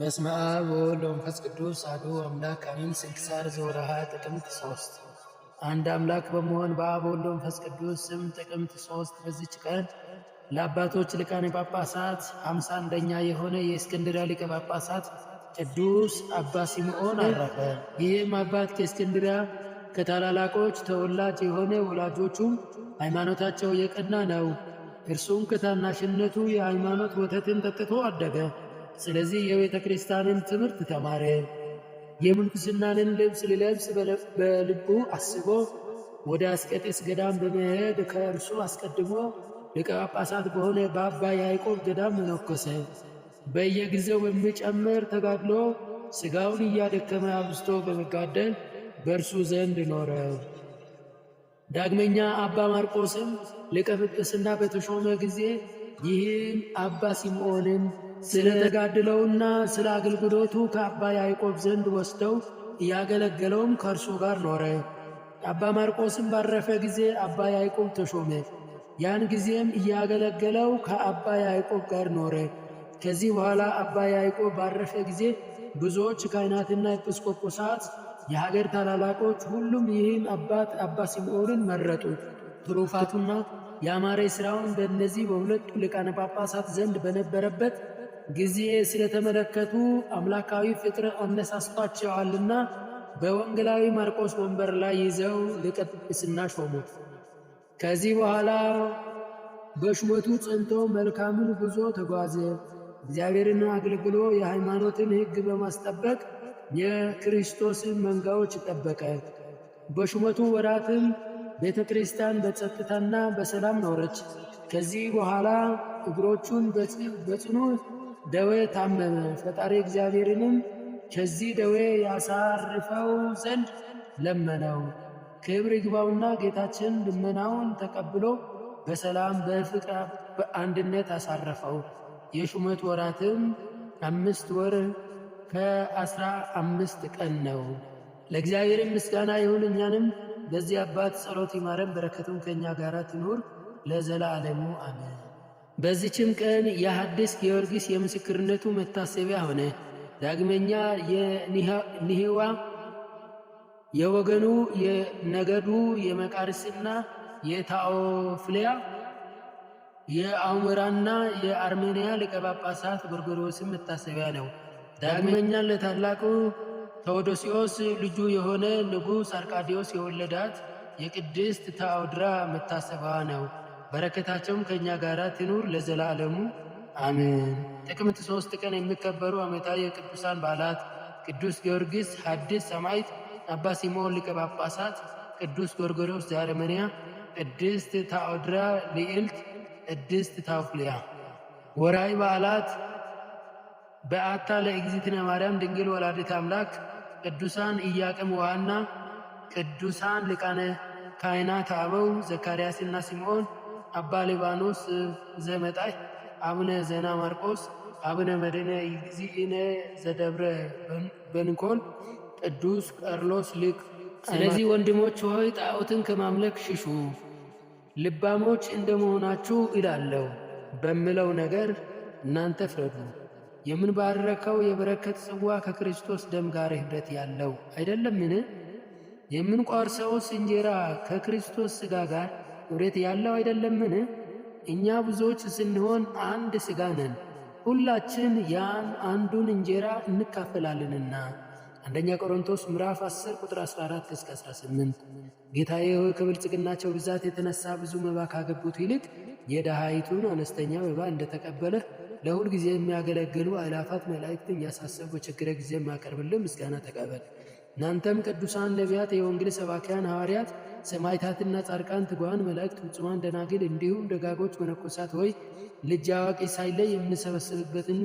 በስመ አብ ወወልድ ወመንፈስ ቅዱስ አሐዱ አምላክ አሜን። ስንክሳር ዘወርኀ ጥቅምት ሶስት አንድ አምላክ በመሆን በአብ ወልድ ወመንፈስ ቅዱስ ስም ጥቅምት ሶስት በዚች ቀን ለአባቶች ሊቃነ ጳጳሳት ሃምሳ አንደኛ የሆነ የእስክንድርያ ሊቀ ጳጳሳት ቅዱስ አባ ሲምዖን አረፈ። ይህም አባት ከእስክንድርያ ከታላላቆች ተወላጅ የሆነ ወላጆቹም ሃይማኖታቸው የቀና ነው። እርሱም ከታናሽነቱ የሃይማኖት ወተትን ጠጥቶ አደገ። ስለዚህ የቤተ ክርስቲያንን ትምህርት ተማረ። የምንኩስናንን ልብስ ሊለብስ በልቡ አስቦ ወደ አስቄጥስ ገዳም በመሄድ ከእርሱ አስቀድሞ ሊቀ ጳጳሳት በሆነ በአባ ያዕቆብ ገዳም መነኮሰ። በየጊዜው የሚጨምር ተጋድሎ ሥጋውን እያደከመ አብዝቶ በመጋደል በእርሱ ዘንድ ኖረ። ዳግመኛ አባ ማርቆስም ሊቀ ጵጵስና በተሾመ ጊዜ ይህን አባ ስምዖንን ስለ ተጋድለውና ስለ አገልግሎቱ ከአባ ያዕቆብ ዘንድ ወስደው እያገለገለውም ከእርሱ ጋር ኖረ። አባ ማርቆስም ባረፈ ጊዜ አባ ያዕቆብ ተሾመ። ያን ጊዜም እያገለገለው ከአባ ያዕቆብ ጋር ኖረ። ከዚህ በኋላ አባ ያዕቆብ ባረፈ ጊዜ ብዙዎች ካህናትና ኤጲስቆጶሳት፣ የሀገር ታላላቆች ሁሉም ይህን አባት አባ ስምዖንን መረጡ ትሩፋቱና ያማረ ሥራውን በእነዚህ በሁለቱ ሊቃነ ጳጳሳት ዘንድ በነበረበት ጊዜ ስለተመለከቱ አምላካዊ ፍቅር አነሳስቷቸዋልና በወንጌላዊ ማርቆስ ወንበር ላይ ይዘው ሊቀ ጵጵስና ሾሙት። ከዚህ በኋላ በሹመቱ ጸንቶ መልካምን ጉዞ ተጓዘ። እግዚአብሔርን አገልግሎ የሃይማኖትን ሕግ በማስጠበቅ የክርስቶስን መንጋዎች ጠበቀ። በሹመቱ ወራትም ቤተ ክርስቲያን በጸጥታና በሰላም ኖረች። ከዚህ በኋላ እግሮቹን በጽኑ ደዌ ታመመ። ፈጣሪ እግዚአብሔርንም ከዚህ ደዌ ያሳርፈው ዘንድ ለመነው። ክብር ይግባውና ጌታችን ልመናውን ተቀብሎ በሰላም በፍቅር በአንድነት አሳረፈው። የሹመት ወራትም አምስት ወር ከአስራ አምስት ቀን ነው። ለእግዚአብሔር ምስጋና ይሁን። እኛንም በዚህ አባት ጸሎት ይማረን፣ በረከቱም ከእኛ ጋር ትኑር ለዘላለሙ አሜን። በዚችም ቀን የሐዲስ ጊዮርጊስ የምስክርነቱ መታሰቢያ ሆነ። ዳግመኛ የኒህዋ የወገኑ የነገዱ የመቃርስና የታኦፍሊያ የአሞራና የአርሜንያ ሊቀ ጳጳሳት ጎርጎርዮስም መታሰቢያ ነው። ዳግመኛ ለታላቁ ተዎዶሲዎስ ልጁ የሆነ ንጉሥ አርቃዲዮስ የወለዳት የቅድስት ታኦድራ መታሰቢያ ነው። በረከታቸውም ከእኛ ጋር ትኑር ለዘላለሙ አሜን። ጥቅምት ሶስት ቀን የሚከበሩ ዓመታዊ የቅዱሳን በዓላት ቅዱስ ጊዮርጊስ ሐዲስ ሰማዕት፣ አባ ሲሞን ሊቀ ጳጳሳት፣ ቅዱስ ጎርጎርዮስ ዘአርመንያ፣ ቅድስት ታኦድራ ልዕልት፣ ቅድስት ታውፍልያ። ወርኃዊ በዓላት በዓታ ለእግዝእትነ ማርያም ድንግል ወላዲተ አምላክ፣ ቅዱሳን ኢያቄም ወሐና፣ ቅዱሳን ሊቃነ ካህናት አበው ዘካርያስና ሲምዖን አባ ሊባኖስ ዘመጣይ አቡነ ዘና ማርቆስ አቡነ መድነ እግዚእነ ዘደብረ በንኮል ቅዱስ ቀርሎስ ሊቅ። ስለዚህ ወንድሞች ሆይ ጣዖትን ከማምለክ ሽሹ፣ ልባሞች እንደመሆናችሁ ይላለው በምለው ነገር እናንተ ፍረዱ። የምንባረከው የበረከት ጽዋ ከክርስቶስ ደም ጋር ኅብረት ያለው አይደለምን? የምንቆርሰውስ እንጀራ ከክርስቶስ ሥጋ ጋር እውነት ያለው አይደለምን? እኛ ብዙዎች ስንሆን አንድ ሥጋ ነን፣ ሁላችን ያን አንዱን እንጀራ እንካፈላለንና። አንደኛ ቆሮንቶስ ምዕራፍ 10 ቁጥር 14 እስከ 18። ጌታዬ ሆይ ከብልጽግናቸው ብዛት የተነሳ ብዙ መባ ካገቡት ይልቅ የድሃይቱን አነስተኛ መባ እንደተቀበለ ለሁል ጊዜ የሚያገለግሉ አእላፋት መላእክት እያሳሰቡ በችግረ ጊዜ የማቀርብልን ምስጋና ተቀበል። እናንተም ቅዱሳን ነቢያት፣ የወንጌል ሰባኪያን ሐዋርያት፣ ሰማዕታትና ጻድቃን፣ ትጉሃን መላእክት፣ ፍጹማን ደናግል፣ እንዲሁም ደጋጎች መነኮሳት ሆይ ልጅ አዋቂ ሳይለይ የምንሰበሰብበትን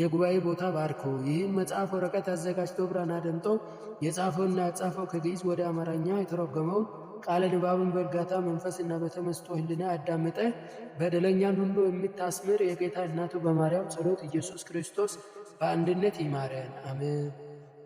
የጉባኤ ቦታ ባርኮ ይህን መጽሐፍ ወረቀት አዘጋጅቶ ብራና ደምጦ የጻፈውና ያጻፈው ከግዕዝ ወደ አማርኛ የተረጎመው ቃለ ንባብን በእርጋታ እና በተመስጦ ህልና ያዳመጠ በደለኛን ሁሉ የምታስምር የጌታ እናቱ በማርያም ጸሎት ኢየሱስ ክርስቶስ በአንድነት ይማረን፣ አሜን።